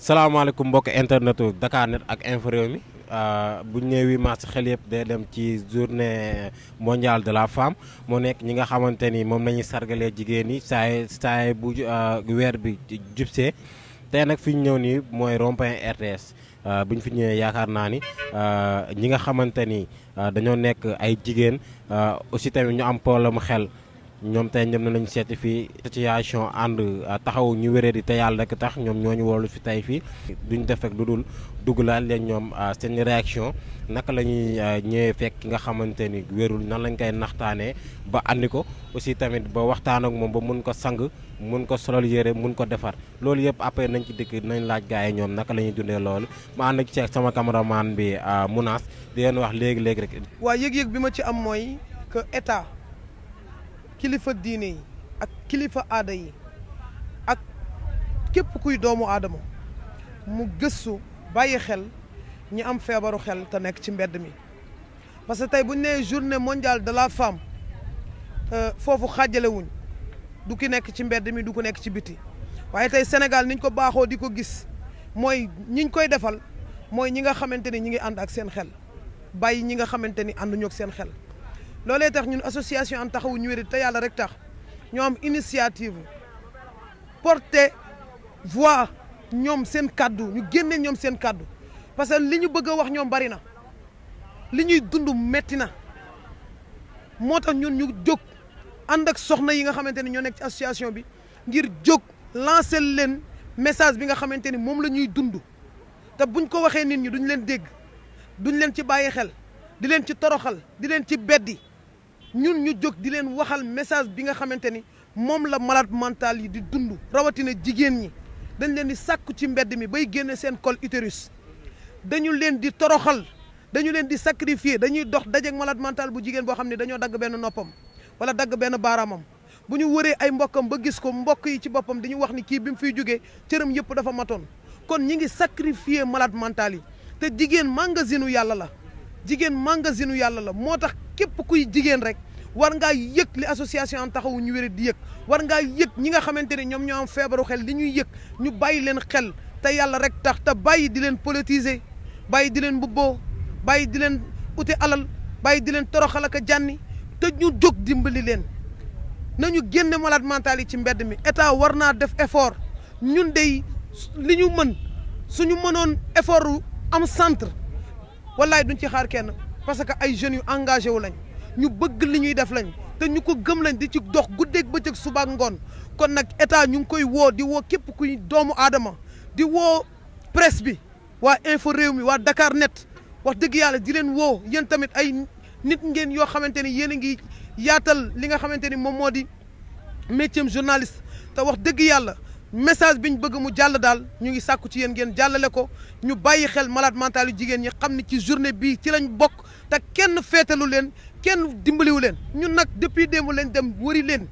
salaamaaleykum mbokk internetu Dakar Net ak Infos Rewmi euh, bu ñu nee 8 mars xel yëpp day dem ci journée mondiale de la femme moo nekk ñi nga xamante ni moom la ñuy sargalee jigéen ñi saay saay bu euh, weer bi jubsee tey nag fi ñu ñëw nii mooy rond-point RTS euh, bu ñu fi ñëwee yaakaar naa ni ñi nga xamante ni dañoo nekk ay jigéen aussi tamit ñu am problème mu xel. ñoom tey ñoom ne nañ seeti fii situation ànd ah, taxawu ñu wéree di te yàlla rek tax ñoom ñoo ñu woolu fi tey fii duñ def rek lu dul dugg laal leen ñoom ah, seen réaction naka la ñuy ah, ñëwee fekk ki nga xamante ni wérul nan lañ koy naxtaanee ba andi ko aussi tamit ba waxtaan ak moom ba mun ko sang mun ko solal yére mun ko defar loolu yëpp après nañ ci dikk nañ laaj gaay yi ñoom naka la ñuy dundee loolu ma ànd ak ceeg sama cameraman bi Mounas di leen wax léegi léegi rek. waa kilifa diine yi ak kilifa aada yi ak képp kuy doomu aadama mu gëstu bàyyi xel ñi am feebaru xel te nekk ci mbedd mi parce que tey bu ñu nee journée mondiale de la femme euh, foofu xaajalewuñ du ki nekk ci mbedd mi du ko nekk ci biti waaye tey Sénégal niñ ko baaxoo di ko gis mooy ñiñ koy defal mooy ñi nga xamante ni ñi ngi ànd ak seen xel bàyyi ñi nga xamante ni ànduñu ak seen xel loolee tax ñun association am ñu wér te yàlla rek tax ñoom am initiative porter voix ñoom seen kàddu ñu génne ñoom seen kàddu parce que li ñu bëgg a wax ñoom bari na li ñuy dund metti na moo tax ñun ñu jóg ànd ak soxna yi nga xamante ni ñoo nekk ci association bi ngir jóg lancer leen message bi nga xamante ni moom la ñuy dund te buñ ko waxee nit ñi duñ leen dégg duñ leen ci bàyyi xel di leen ci toroxal di leen ci beddi ñun ñu jóg di leen waxal message bi nga xamante ni moom la malade mental yi di dund rawatina jigéen ñi dañu leen di sàkku ci mbedd mi bay génne seen col utérus dañu leen di toroxal dañu leen di sacrifier dañuy dox dajeeg malade mental bu jigéen boo xam ne dañoo dagg benn noppam wala dagg benn baaraamam bu ñu wëree ay mbokkam ba gis ko mbokk yi ci boppam dañu wax ni kii bi mu fiy jógee cëram yëpp dafa matoon kon ñi ngi sacrifier malade mental yi te jigéen magasinu yàlla la jigéen magasinu yàlla la moo tax képp kuy jigéen rek war ngaa yëg li association am taxawu ñu wér di yëg war ngaa yëg ñi nga xamante ni ñoom ñoom am feebaru xel li ñuy yëg ñu bàyyi leen xel te yàlla rek tax te bàyyi di leen politiser bàyyi di leen mbubboo bàyyi di leen uti alal bàyyi di leen toroxal ak a jànni te ñu jóg dimbali leen nañu génne malade mental yi ci mbedd mi état war naa def effort ñun dey li ñu mën suñu mënoon effort am centre wallaay duñ ci xaar kenn parce que ay jeunes yu engagé wu lañ ñu bëgg li ñuy def lañ te ñu ko gëm lañ di ci dox guddeeg bëccëg suba ak ngoon kon nag état ñu ngi koy woo di woo képp kuy doomu aadama di woo presse bi waa info réew mi waa dakaar net wax dëgg yàlla di leen woo yéen tamit ay nit ngeen yoo xamante ni yéen a ngi yaatal li nga xamante ni moom moo di métier journaliste te wax dëgg yàlla message bi ñu bëgg mu jàll daal ñu ngi sàkku ci yéen ngeen jàllale ko ñu bàyyi xel malade mental yu jigéen ñi xam ne ci journée bii ci lañ bokk te kenn féetalu leen kenn dimbaliwu leen ñun nag depuis démb lañ dem wëri leen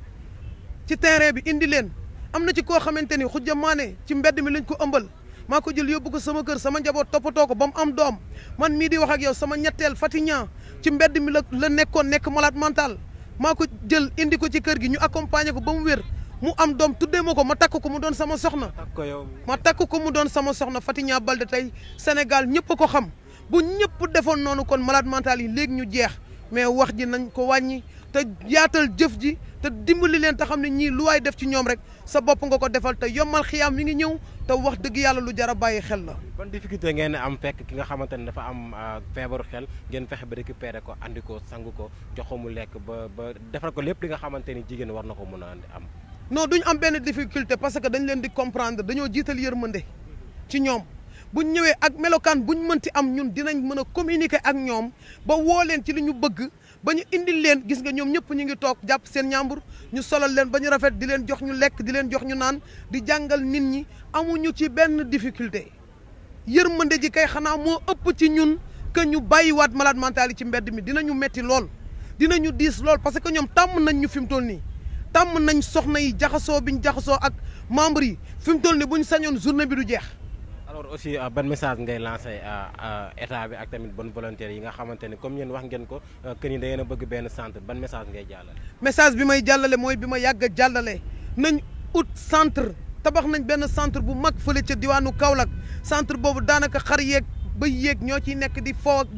ci terrain bi indi leen am na ci koo xamante ni xujja maane ci mbedd mi lañ ko ëmbal maa ko jël yóbbu ko sama kër sama njaboot toppatoo ko ba mu am doom man mii di wax ak yow sama ñetteel Fatignan ci mbedd mi la la nekkoon nekk malaat mental maa ko jël indi ko ci kër gi ñu accompagner ko ba mu wér mu am doom tuddee ma ko ma takk ko mu doon sama soxna ma takk ko mu doon sama soxna Fatignan Balde tey Sénégal ñëpp a xam bu ñëpp defoon noonu kon malade yi léegi ñu jeex mais wax ji nañ ko wàññi te yaatal jëf ji te dimbali leen te xam ne ñii lu waay def ci ñoom rek sa bopp nga ko defal te yombal xiyaam yi ngi ñëw te wax dëgg yàlla lu jar bàyyi xel la. ban difficulté ngeen am fekk ki nga xamante ne dafa am euh, feebaru xel ngeen fexe ba récupérer ko andi ko sang ko jox mu lekk ba ba defal ko lépp li nga xamante ni jigéen war na ko mun a am. non duñ am benn difficulté parce que dañ leen di comprendre dañoo jiital yërmande ci ñoom. buñ ñëwee ak melokaan bu buñ mënti am ñun dinañ mën a communiquer ak ñoom ba woo leen ci li ñu bëgg ba ñu indil leen gis nga ñoom ñëpp ñu ngi toog jàpp seen ñàmbur ñu solal leen ba ñu rafet di leen jox ñu lekk di leen jox ñu naan di jàngal nit ñi amuñu ci benn difficulté yërmande ji kay xanaa moo ëpp ci ñun que ñu bàyyiwaat malade mental ci mbedd mi dinañu metti lool dinañu diis lool parce que ñoom tàmm nañ ñu fi mu toll nii tàmm nañ soxna yi jaxasoo biñ jaxasoo ak membre yi fi mu toll nii buñ sañoon journée bi du jeex alors aussi euh, ban message ngay lancé euh, euh, état bi ak tamit bonne volonté yi nga xamante ni comme yéen wax ngeen ko que ni da ngeen bëgg benn centre ban message ngay jàllale. message bi may jàllale mooy bi ma yàgg a jàllale nañ ut centre tabax nañ benn centre bu mag fële ca diwaanu Kaolack centre boobu daanaka xar yéeg ba yéeg ñoo ciy nekk di foo ak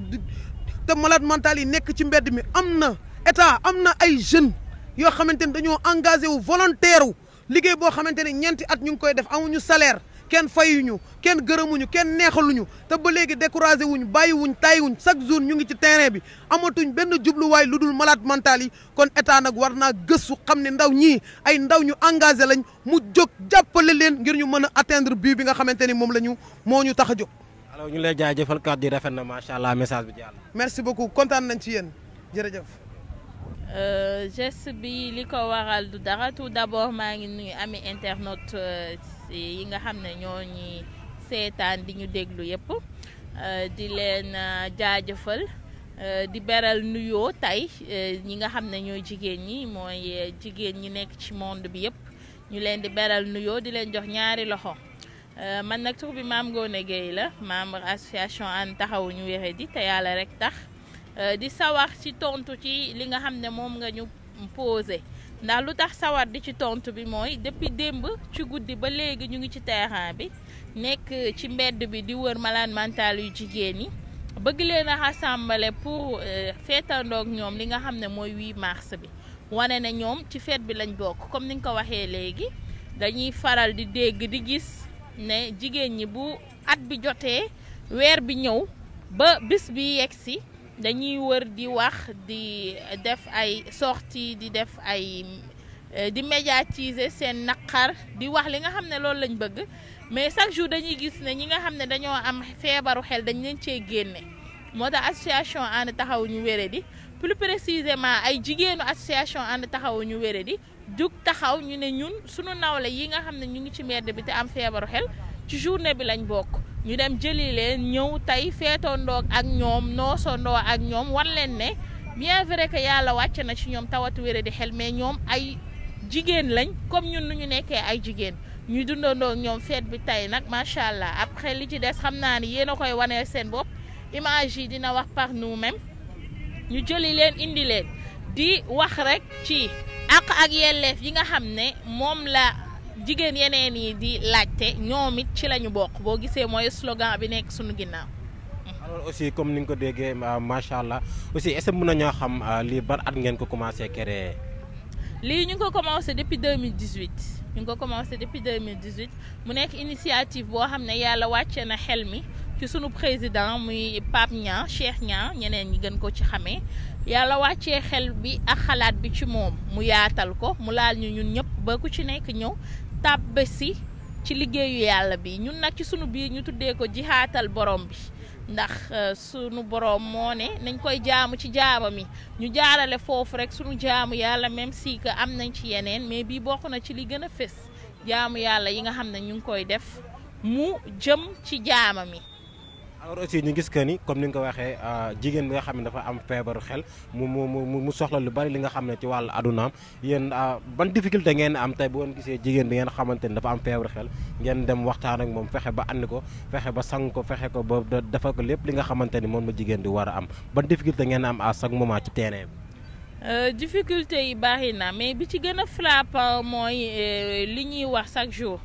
te malade mental yi nekk ci mbedd mi am na état am na ay jeunes yoo xamante ni dañoo engagé wu volontaire wu liggéey boo xamante ne ñeenti at ñu ngi koy def amuñu salaire. kenn fayuñu kenn gërëmuñu kenn neexaluñu te ba léegi découragé wuñ bàyyi wuñ tàyyi wuñ chaque jour ñu ngi ci terrain bi amatuñ benn jubluwaay lu dul malaat mental yi kon état nag war naa gëstu xam ne ndaw ñi ay ndaw ñu engagé lañ mu jóg jàppale leen ngir ñu mën a atteindre but bi nga xamante ni moom la ñu moo ñu tax a jóg. alors ñu lay jaajëfal kàddu rafet na macha allah message bi jàll. merci beaucoup kontaan nañ ci yéen jërëjëf. Euh, geste bi li ko waral du dara tout d'abord maa ngi nuyu ami internaute euh, yi nga xam ne ñoo ñi seetaan di ñu déglu yëpp euh, di leen euh, jaajëfal euh, di beral nuyoo tey ñi nga xam ne ñooy jigéen ñi mooy jigéen ñi nekk ci monde bi yëpp ñu leen di beral nuyoo di leen jox ñaari loxo man nag tur bi maam Ngoné Gueye la membre association Ànd Taxawu ñu wére di te yàlla rek tax di sawar ci tontu ci li nga xam ne moom nga ñu posé ndax lu tax sawar di ci tontu bi mooy depuis démb ci guddi ba léegi ñu ngi ci terrain bi nekk ci mbedd bi di wër malade mental yu jigéen ñi bëgg leen a rassembler pour euh, feetandoog ñoom li nga xam ne mooy 8 mars bi wane na ñoom ci fête bi lañ bokk comme ni nga ko waxee léegi dañuy faral di dégg di gis ne jigéen ñi bu at bi jotee weer bi ñëw ba bis bi yegg si dañuy wër di wax di def ay sortie di def ay euh, di médiatiser seen naqar di wax li nga xam ne loolu lañ bëgg mais chaque jour dañuy gis ne ñi nga xam ne dañoo am feebaru xel dañ leen cee génne moo tax association ànd taxawu ñu wére di plus précisément ay jigéenu association ànd taxawu ñu wére di jug taxaw ñu ne ñun suñu nawle yi nga xam ne ñu ngi ci mbedd bi te am feebaru xel ci journée bi lañ bokk ñu dem jëli leen ñëw tey feetondoog ak ñoom noosondoo ak ñoom war leen ne bien vrai que yàlla wàcce na ci ñoom tawatu wére di xel mais ñoom ay jigéen lañ comme ñun nu ñu nekkee ay jigéen ñu dundandoo ñoom feet bi tey nag macha allah après li ci des xam naa ni yéen a koy waneel seen bopp image yi dina wax par nu mêmes ñu jëli leen indi leen di wax rek ci àq ak yelleef yi nga xam ne moom la. jigéen yeneen yi di laajte ñoom it ci la ñu bokk boo gisee mooy slogan bi nekk suñu ginnaaw. alors aussi comme ni nga ko déggee ah, macha allah aussi est mun na ñoo xam ah, lii ban at ngeen ko commencé créer. lii ñu ngi ko commencé depuis 2018. ñu ngi ko commencé depuis 2018 mu nekk initiative boo xam ne yàlla wàcce na xel mi ci suñu président muy Pape ñaa Cheikh ñaa ñeneen ñi gën ko ci xamee yàlla wàccee xel bi ak xalaat bi ci moom mu yaatal ko mu laal ñu ñun ñëpp ba ku ci nekk ñëw tàbbe si ci liggéeyu yàlla bi ñun nag ci sunu biir ñu tuddee ko jixaatal borom bi ndax euh, sunu borom moo ne nañ koy jaamu ci jaamam yi ñu jaarale foofu rek sunu jaamu yàlla même si am nañ ci yeneen mais bii bokk na ci li gën a fés jaamu yàlla yi nga xam ne ñu ngi koy def mu jëm ci jaamam yi alors aussi ñu gis que ni comme ni nga ko waxee euh, jigéen bi nga xam ne dafa am feebaru xel mu mu mu soxla lu bari li nga xam ne ci wàll adunaam yéen euh, ban difficulté ngeen am tey bu ngeen jigéen bi ngeen xamante ni dafa am feebaru xel ngeen dem waxtaan ak moom fexe ba ànd ko fexe ba sang ko fexe ko ba dafa ko lépp li nga xamante ni moom la jigéen di war a am ban difficulté ngeen am à moment ci terrain bi. Euh, difficulté yi baaxi na mais bi ci gën a frappant mooy li ñuy wax chaque jour.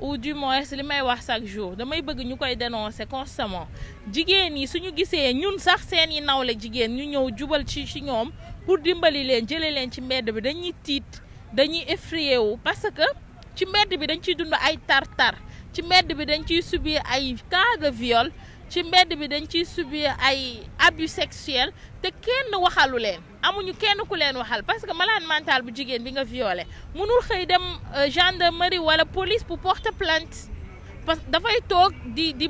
ou du moins li may wax chaque jour damay bëgg ñu koy dénoncer constamment jigéen yi ñu gisee ñun sax seeni nawle jigéen ñu ñëw jubal ci ci ñoom pour dimbali leen jële leen ci mbedd bi dañuy tiit dañuy effrayé wu parce que ci mbedd bi dañ ciy dund ay tar-tar ci mbedd bi dañ ciy subir ay cas de viol ci mbedd bi dañ ciy subir ay abus sexuels te kenn waxalu leen amuñu kenn ku leen waxal parce que malade mental bu jigéen bi nga violé mënul xëy dem euh, gendarmerie wala police pour porter plainte parce que dafay toog di di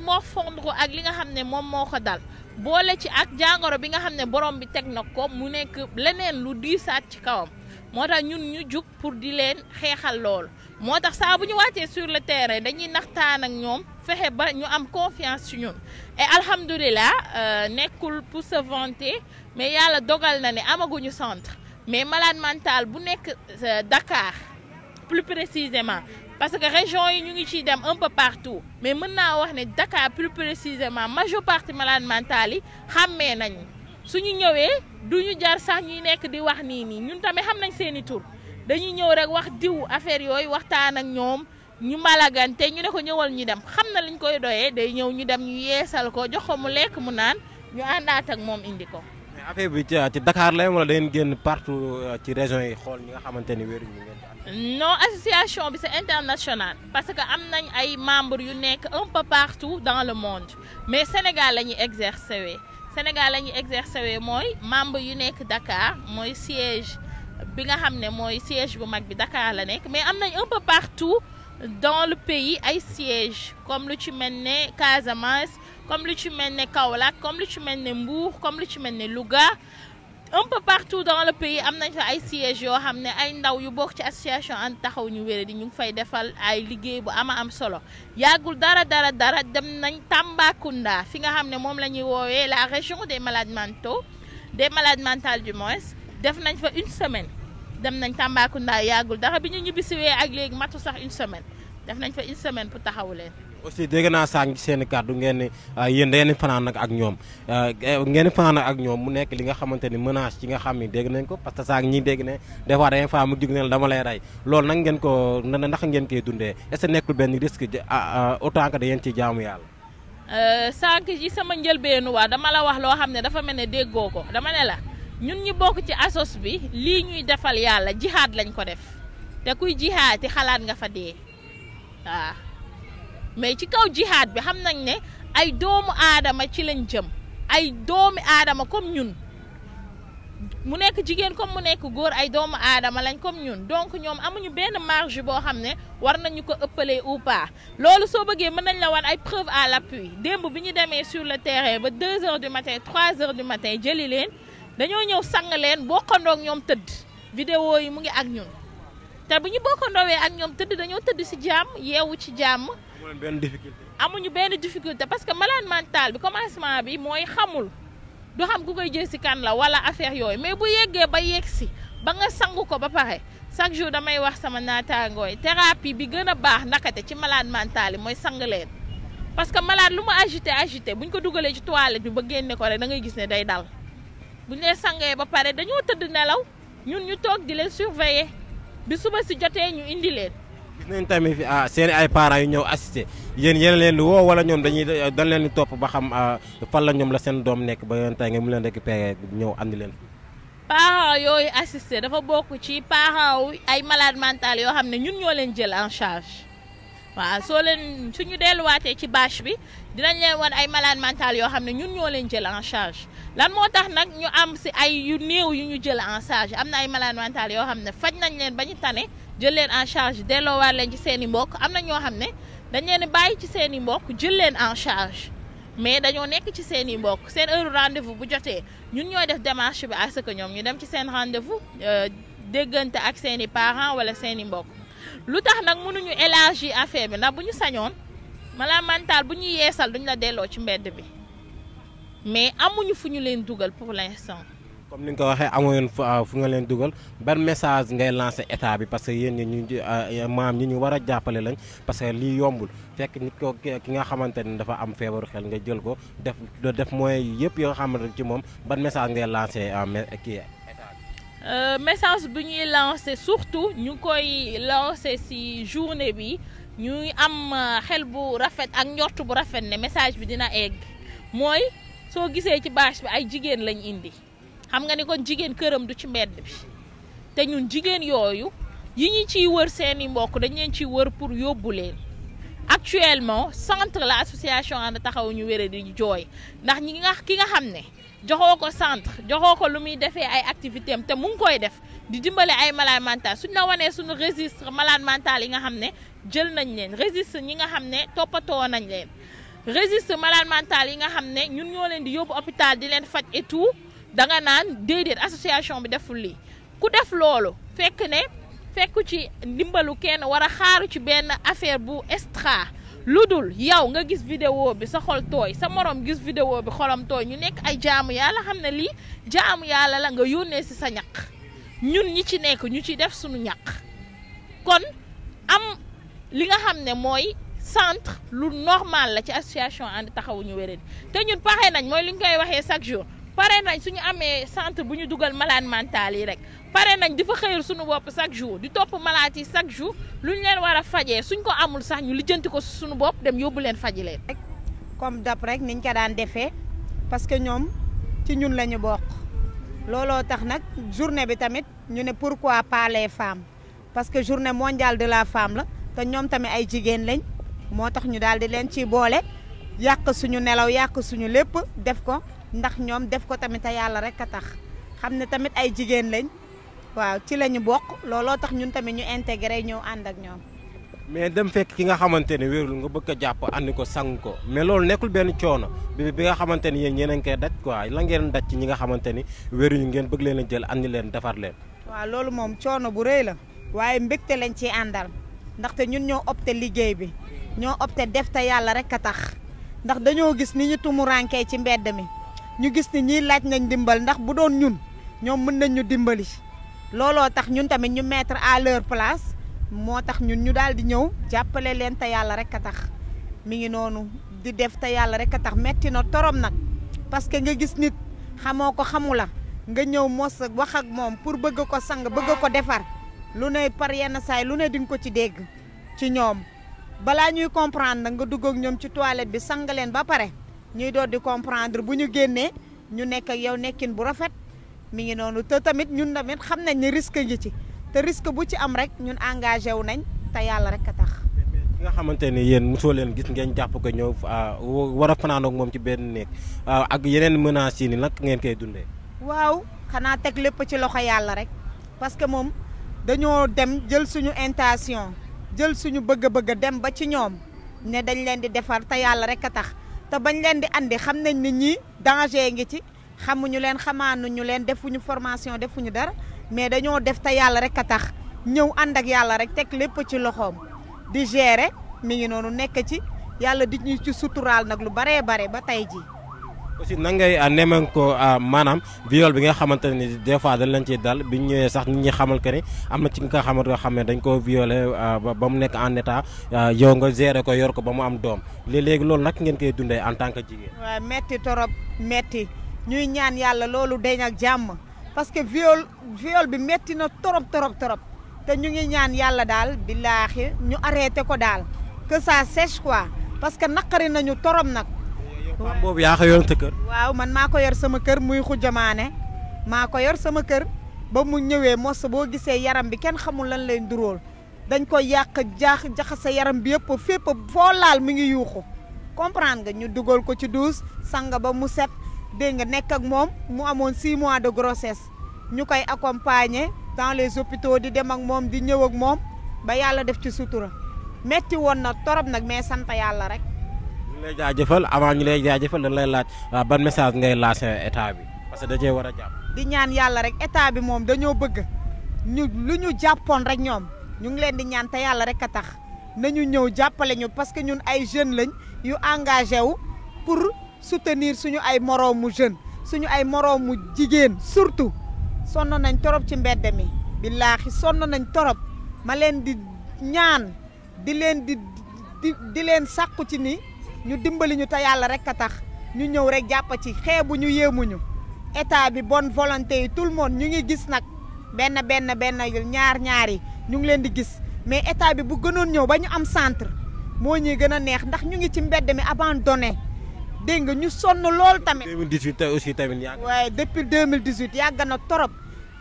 ko ak li nga xam ne moom moo ko dal boole ci ak jàngoro bi nga xam ne borom bi teg na ko mu nekk leneen lu diisaat ci kawam moo tax ñun ñu jug pour di leen xeexal lool moo tax saa ñu wàccee sur le terrain dañuy naxtaan ak ñoom fexe ba ñu am confiance ci ñun et alhamdulilah euh, nekkul pour se vanter mais yàlla dogal na ni amaguñu centre mais malade mental bu nekk euh, dakaar plus précisément parce que région yi ñu ngi ciy dem un peu partout mais mën naa wax ne Dakar plus précisément majeure partie yi xàmmee nañ su suñu ñëwee duñu jar sax ñuy nekk di wax nii nii ñun tamit xam nañ seeni tur dañuy ñëw rek wax diw affaire yooyu waxtaan ak ñoom ñu malagante ñu ne ko ñëwal ñu dem xam na liñ koy doyee day ñëw ñu dem ñu yeesal ko jox ko mu lekk mu naan ñu àndaat ak moom indi ko. mais affaire bi ci Dakar la wala da ngeen génn partout euh, ci région yi xool ñi nga xamante ni wéeruñu ngeen non association bi c'est international parce que am nañ ay membres yu nekk un peu partout dans le monde mais Sénégal la ñuy exercer Sénégal la ñuy exercer mooy membre yu nekk Dakar mooy siège bi nga xam ne mooy siège bu mag bi Dakar la nekk mais am nañ un peu partout dans le pays ay sièges comme lu ci mel ne Casamance comme lu ci mel ne Kaolack comme lu ci mel ne Mbour comme lu ci mel ne Louga. un peu partout dans le pays am nañ fa ay sièges yoo xam ne ay ndaw yu bokk ci association And Taxawu Ñu di ñu fay defal ay liggéey bu ama am solo yàggul dara dara dara dem nañ Tambacounda fi nga xam ne moom la ñuy woowee la région des malades mentaux des malades mentales du moins def nañ fa une semaine dem nañ Tambacounda yàggul dara bi ñu ñibbi ñibbisiwee ak léegi matu sax une semaine def nañ fa une semaine pour taxawu leen aussi dégg naa sànq ci seen kàddu ngeen ni ah, yéen da ngeen ak ñoom eh, eh, ngeen fanaan ak ñoom mu nekk li nga xamante ni menace ci nga xam ni dégg nañ ko parce que sànq ñi dégg ne des fois dañuy faa mu jug ne dama lay rey loolu nag ndax ngeen koy dundee est-ce que nekkul benn risque ah, ah, autant que da ngeen ciy jaamu yàlla. Euh, sànq ci sama njëlbeenu waa dama la wax loo xam ne dafa mel ne déggoo ko dama ne la ñun ñi bokk ci asos bi lii ñuy defal yàlla jihaad lañ ko def te kuy jihaati xalaat nga fa dee waaw. mais ci kaw jihaad bi xam nañ ne ay doomu aadama ci lañ jëm ay doomi aadama comme ñun mu nekk jigéen comme mu nekk góor ay doomu aadama lañ comme ñun donc ñoom amuñu benn marge boo xam ne war nañu ko ëppalee ou pas loolu soo bëggee mën nañ la wan ay preuve à l'appui démb bi ñu demee sur le terrain ba deux heures du matin trois heures du matin jëli leen dañoo ñëw sang leen bokkandoog ñoom tëdd vidéo yi mu ngi ak ñun te bu ñu bokkandoowee ak ñoom tëdd dañoo tëdd ci jàmm yeewu ci jàmm amuñu benn difficulté. amuñu benn difficulté parce que malade mental bi commencement bi mooy xamul du xam ku koy jël si kan la wala affaire yooyu mais bu yeggee ba yegg si ba nga sangu ko ba pare chaque jour damay wax sama naataangooy thérapie bi gën a baax nakate ci malade mental yi mooy sang leen parce que malade lu mu agité bu buñ ko dugalee ci toilette bi ba génne ko rek da gis ne day dal buñ leen sangee ba pare dañoo tëdd nelaw ñun ñu toog di leen surveiller bi suba si jotee ñu indi leen. gis tamit fi ah, seen ay parent yu ñëw assisté yen yéen leen di woo wala ñoom dañuy dañ leen di topp ba xam ah, fan la ñoom la seen doom nekk ba yoon tey nga mu leen récupéré ñëw andi leen. parents yooyu assisté dafa bokk ci parents ay malade mental yoo xam ne ñun ñoo leen jël en charge. waaw soo leen suñu delluwaatee ci bâche bi dinañ leen wan ay malade mental yoo xam ne ñun ñoo leen jël en lan moo tax nag ñu am si ay yu néew yu ñu jël en charge am na ay malade mental yoo xam ne faj nañ leen ba ñu tane jël leen en charge delloowaat leen ci seen i mbokk am na ñoo xam ne dañ leen bàyyi ci seen i mbokk jël leen en charge mais dañoo nekk ci seen i mbokk seen heure rendez bu jotee ñun ñoo def démarche bi à que ñoom ñu dem ci seen rendez-vous euh, déggante ak seen i wala seen i mbokk lu tax nag mënuñu élargir affaire bi ndax bu ñu sañoon malade mental bu ñu yeesal duñ la delloo ci mbedd bi mais amuñu fu ñu leen dugal pour l'instant. comme ni nga ko waxee amoon ah, fu nga leen dugal ban message ngay lancé état bi parce que yéen ñi ñu ah, maam ñi ñu war a jàppale lañ parce que lii yombul fekk nit ko ki nga xamante ne dafa am feebaru xel nga jël ko def def mooy yëpp yoo xamante ne ci moom ban message ngay lancé ah, kii. Euh, message bu ñuy lancé surtout ñu koy lancé si journée bi ñuy am xel bu rafet ak njort bu rafet ne message bi dina egg mooy soo gisee ci bâche bi ay jigéen lañ indi xam nga ni kon jigéen këram du ci mbedd bi te ñun jigéen yooyu yi ñu ciy wër seeni mbokk dañ leen ciy wër pour yóbbu leen actuellement centre la association ànd taxawu ñu wéré di jooy ndax ki nga xam ne joxoo ko centre joxoo ko lu muy defee ay activité am te mu koy def di dimbale ay malade mental suñ la wanee suñu registre malade mental yi nga xam ne jël nañ leen registre ñi nga xam ne toppatoo nañ leen registre malade mental yi nga xam ne ñun ñoo leen di yóbbu hôpital di leen faj et tout danga naan déedéet association bi deful lii ku def loolu fekk ne fekk ci ndimbalu kenn war a xaaru ci benn affaire bu extra lu dul yow nga gis vidéo bi sa xol tooy sa morom gis vidéo bi xolam tooy ñu nekk ay jaamu yàlla xam ne lii jaamu yàlla la nga yónnee si sa ñaq ñun ñi ci nekk ñu ci def suñu ñaq kon am li nga xam ne mooy centre lu normal la ci association ànd taxawuñu wérén te ñun paxe nañ mooy li ñu koy waxee chaque jour pare nañ suñu amee centre bu ñu dugal malade mental yi rek pare nañ di fa xëyal suñu bopp chaque jour di topp malade yi chaque jour lu ñu leen war fajee suñ ko amul sax ñu lijjanti ko suñu bopp dem yóbbu leen faj leen rek comme dap rek niñ ko daan defee parce que ñoom ci ñun la ñu bokk looloo tax nag journée bi tamit ñu ne pourquoi pas les femmes parce que journée mondiale de la femme la te ñoom tamit ay jigéen lañ moo tax ñu daal di leen ci boole yàq suñu nelaw yàq suñu lépp def ko ndax ñoom def ko tamit a yàlla rek a tax xam ne tamit ay jigéen lañ waaw ci la ñu bokk looloo tax ñun tamit ñu intégré ñëw ànd ak ñoom. mais dem fekk ki nga xamante ne wérul nga bëgg a jàpp andi ko sang ko mais loolu nekkul benn coono bi bi nga xamante ni yéen ñeneen koy daj quoi la ngeen daj ci ñi nga xamante ni wéruñu ngeen bëgg leen a jël andi leen defar leen. waa loolu moom coono bu rëy la waaye mbégte lañ ciy àndal ndaxte ñun ñoo opté liggéey bi ñoo opté def te yàlla rek a tax ndax dañoo gis ni ñu tumurankee ci mbedd mi. ñu gis ni ñiy laaj nañ dimbal ndax bu doon ñun ñoom mën nañ ñu dimbali looloo tax ñun tamit ñu mettre à leur place moo tax ñun ñu daal di ñëw jàppale leen te yàlla rek a tax mi ngi noonu di def te yàlla rek a tax metti na torom nag parce que nga gis nit xamoo ko xamu la nga ñëw mos wax ak moom pour bëgg ko sang bëgg ko defar lu ne par yenn saay lu ne di ko ci dégg ci ñoom balaa ñuy comprendre nga dugg ak ñoom ci toilette bi sang leen ba pare ñuy doon di comprendre bu ñu génnee ñu nekk yow nekkin bu rafet mi ngi noonu te tamit ñun tamit xam nañ ne risque ngi ci te risque bu ci am rek ñun engagé wu nañ te yàlla rek a tax. nga xamante ni yéen mosoo leen gis ngeen jàpp ko ñëw ah, war a fanaan ak moom ci benn néeg ah, ak yeneen menaces siini ni nag ngeen koy dundee. waaw xanaa teg lépp ci loxo yàlla rek parce que moom dañoo dem jël suñu intention jël suñu bëgg-bëgg dem ba ci ñoom ne dañ leen di defar te yàlla rek a tax. te bañ leen di andi xam nañ ni ñii danger ngi ci xamuñu leen xamaanuñu leen defuñu formation defuñu dara mais dañoo def te yàlla rek a tax ñëw ànd ak yàlla rek teg lépp ci loxoom di gérer mi ngi noonu nekk ci yàlla di ñu ci suturaal nag lu baree bare ba tey ji aussi nan ngay euh, nemmeeku ko euh, maanaam viol bi nga xamante ne des fois dañ leen ciy dal bi ñu ñëwee sax nit ñi xamal que ni am na ci nga xamante nga xam ne dañ koo violé euh, ba mu nekk en état yow nga géré ko yor ko ba mu am doom léegi loolu nag ngeen koy dundee en tant que jigéen. waaw metti torop metti ñuy ñaan yàlla loolu deñ ak jàmm parce que viol viol bi metti na torop torop torop te ñu ngi ñaan yàlla daal billaahi ñu arrêté ko daal que ça sèche quoi parce que naqari nañu torop nag. pape boobu yaa ko yor kër. waaw man maa ko yor sama kër muy xujamaane maa ko yor sama kër ba mu ñëwee mos boo gisee yaram bi kenn xamul lañ leen nduróol dañ ko yàq jaax jaxase yaram bi yëpp fépp foo laal mi ngi yuuxu comprendre nga ñu dugal ko ci douche sanga ba mu set dégg nga nekk ak moom mu amoon 6 mois de grossesse ñu koy accompagner dans les hôpitaux di dem ak moom di ñëw ak moom ba yàlla def ci sutura metti woon na torop nag mais sant yàlla rek. lay jëfal avant ñu lay jaajëfal dañ lay laaj euh, ban message ngay lancé état bi parce que da war a jàpp. di ñaan yàlla rek état bi moom dañoo bëgg ñu lu ñu jàppoon rek ñoom ñu ngi leen di ñaan yàlla rek a tax nañu ñëw jàppale ñu parce que ñun ay jeunes lañ yu engagé wu pour soutenir suñu ay moroomu jeune suñu ay moroomu jigéen surtout sonn nañ torop ci mbedd mi. billaahi sonn nañ torop ma leen di ñaan di leen di di leen sàkku ci nii ñu dimbali ñu te yàlla rek a tax ñu ñëw rek jàpp ci bu ñu yéemuñu état bi bon volonté yi tout le monde ñu ngi gis nag benn benn benn ñaar ñaar yi ñu ngi leen di gis mais état bi bu gënoon ñëw ba ñu am centre moo ñuy gën a neex ndax ñu ngi ci mbedd mi abandonné dégg nga ñu sonn lool tamit. 2018 aussi tamit yàgg. waaye depuis 2018 yàgg na torop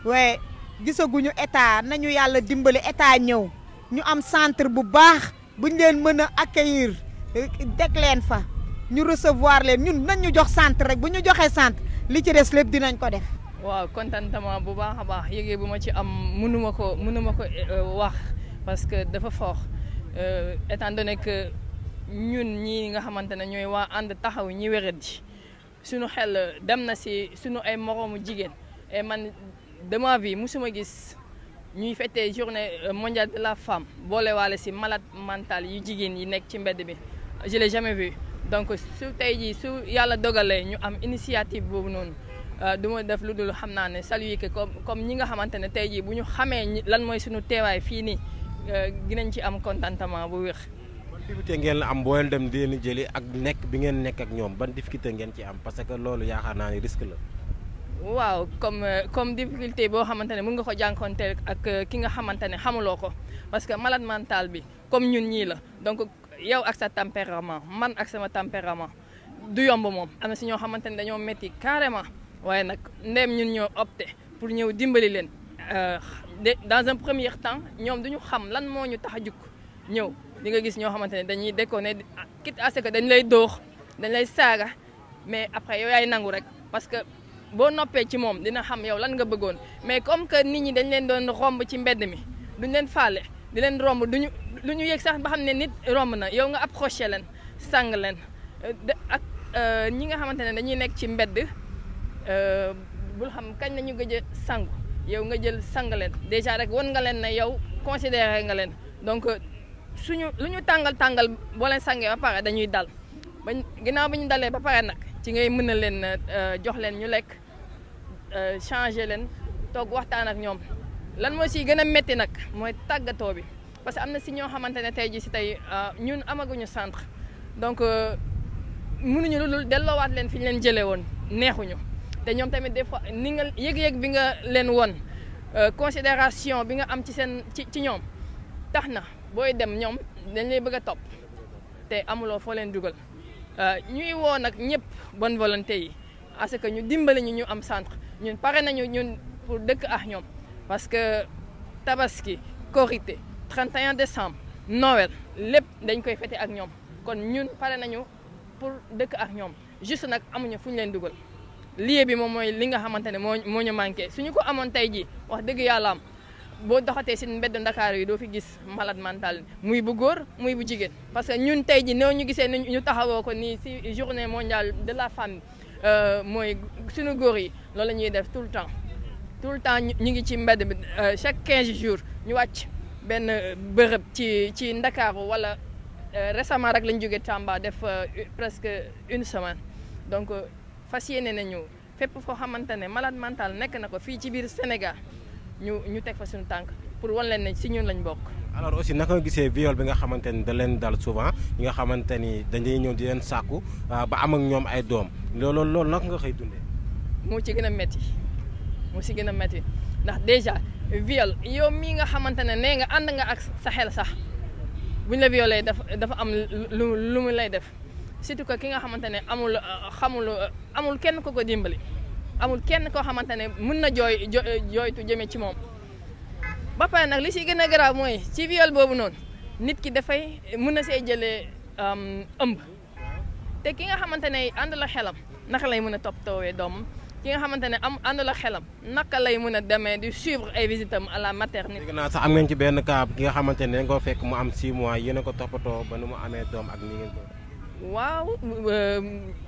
waaye gisaguñu état nañu yàlla dimbali état ñëw ñu am centre bu baax buñ leen mën a accueillir. teg leen fa ñu recevoir leen ñun nañ ñu jox centre rek bu ñu joxee sant li ci des lépp dinañ ko def. waaw contentement bu baax a baax yëgee bu ma ci am munuma ko mënuma ko eh, eh, wax parce que dafa fort euh, étant donné que ñun ñi nga xamante ne ñooy waa ànd taxaw ñi wérat ji suñu xel dem na si sunu ay moroomu jigéen et man de ma vie musuma gis ñuy fêter journée mondiale de la femme boolewaale si malat mental yu jigéen yi nekk ci mbedd bi je l'ai jamais vu donc su tey jii su yàlla dogalee ñu am initiative boobu noonu euh, du ma def lu dul xam naa ne saluer que comme comme ñi nga xamante ne tey jii bu ñu xamee lan mooy suñu teewaay fii nii ginañ euh, ci am contentement bu weex ban difficulté ngeen la am booyoon dem di leen jëli ak nekk bi ngeen nekk ak ñoom ban difficulté ngeen ci am parce que loolu yaakaar naa ni risque la. waaw comme euh, comme difficulté boo xamante ne mën nga ko jànkonteel ak ki nga xamante ne xamuloo ko parce que malade bi comme ñun ñii la yow ak sa tempérament man ak sama tempérament du yomb moom am na si ñoo xamante ne dañoo métti carrément waaye nag ndem ñun ñoo opté pour ñëw dimbali leen euh, de dans un premier temps ñoom duñu xam lan moo ñu tax a jug ñëw di nga gis ñoo xamante ne dañuy déconné quitte à ce que dañ lay doox dañ lay saaga mais après yow yaay nangu rek parce que boo noppee ci moom dina xam yow lan nga bëggoon mais comme que nit ñi dañ leen doon romb ci mbedd mi duñ leen faale di leen romb duñu lu ñu yëg sax ba xam ne nit romb na yow nga approché leen sàng leen ak euh, ñi nga xamante ne dañuy nekk ci mbedd euh, bul xam kañ nañu gëj a sangu yow nga jël sang leen déjà rek won nga leen ne yow considéré nga leen donc euh, suñu lu ñu tàngal tàngal boo leen sangee ba pare dañuy dal bañ ginnaaw bi ñu dalee ba pare nag ci ngay mën na leen jox leen ñu lekk changer leen toog waxtaan ak ñoom lan moo siy gën a métti nag mooy tàggatoo bi parce que am na si ñoo xamante ne tey jii si tey ah, ñun amaguñu centre donc euh, mënuñu lu dul delloowaat leen fi ñu leen jëlee woon neexuñu te ñoom tamit des fois ni nga yëg-yëg bi nga leen won euh, considération bi nga am ci seen ci ci ñoom tax na booy dem ñoom dañ lay bëgg a topp te amuloo foo leen dugal euh, ñuy woo nag ñëpp bonne volonté yi parce que ñu dimbali ñu ñu am centre ñun pare nañu ñun pour dëkk ak ñoom. parce que tabaski korité 31 décembre noël lépp dañ koy fete ak ñoom kon ñun pare nañu pour dëkk ak ñoom juste nag amuñu fu ñu leen dugal lieu bi moom mooy li nga xamante ne moo moo ñu manqué suñu ko amoon tey jii wax dëgg yàlla am boo doxatee si mbedd Ndakaar yi doo fi gis malade mental muy bu góor muy bu jigéen parce que ñun tey ji noo ñu gisee ñu taxawoo ko nii si journée mondiale de la femme euh, mooy suñu góor yi loolu la ñuy def tout le temps tout le temps ñu ngi ci mbedd bi euh, chaque quinze jours ñu wàcc benn euh, bërëb ci ci Ndakaaru wala euh, récemment rek lañ jógee Tamba def presque une semaine donc fas yéene nañu fépp foo xamante ne malade mental nekk na ko fii ci biir Sénégal ñu ñu teg fa suñu tànk pour wan leen si ñun lañ bokk. alors aussi naka nga gisee viol bi nga xamante ni da leen dal souvent ñi nga xamante ni dañuy ñëw di leen sàkku ba am ak ñoom ay doom loolool loolu naka nga xëy dundee. moo ci gën a métti. mu si gën a métti ndax dèjà viol yow mii nga xamante ne nee nga ànd nga ak sa xel sax buñ la violé dafa am lu mu lay def surtout ko ki nga xamante ne amul xamul amul kenn ko ko dimbali amul kenn koo xamante ne mën na jooy jooytu jëmee ci moom. ba nag li si gën a garaaw mooy ci viol boobu noonu nit ki dafay mun na see jëlee ëmb te ki nga xamante ne ànd la xelam naka lay mën a toppatoowee doomam. ki nga xamante ne am ànd la xelam naka lay mën a demee di suivre ay visitam à la maternité. dégg naa sax am ngeen ci benn cas ki nga xamante ne nga fekk mu am 6 mois yéen a ko toppatoo ba nu mu amee doom ak ni ngeen ko. waaw euh,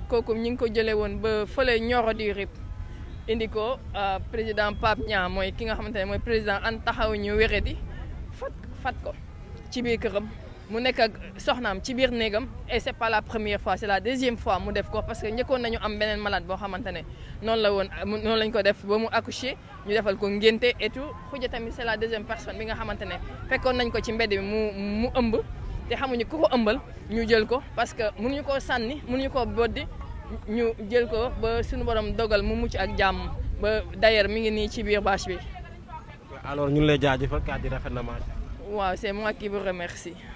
kooku ko jëlee woon ba fële Nioro di indi ko euh, président Pape Niang mooy ki nga xamante ne mooy président an taxaw ñu wéré di fat fat ko ci biir këram. mu nekk ak soxnaam ci biir néegam et c'est pas la première fois c'est la deuxième fois mu def ko parce que njëkkoon nañu am beneen malade boo xamante ne noonu la woon noonu lañ ko def ba mu accouché ñu defal ko ngénte et tout tamit c'est la deuxième personne bi nga xamante ne fekkoon nañ ko ci mbedd bi mu mu ëmb te xamuñu ku ko ëmbal ñu jël ko parce que mënuñu koo sànni mënuñu koo boddi ñu jël ko ba suñu borom dogal mu mucc ak jàmm ba d'ailleurs mi ngi nii ci biir bâche bi. alors ñu ngi lay jaajëfal kàddu rafet na ma. waaw c'est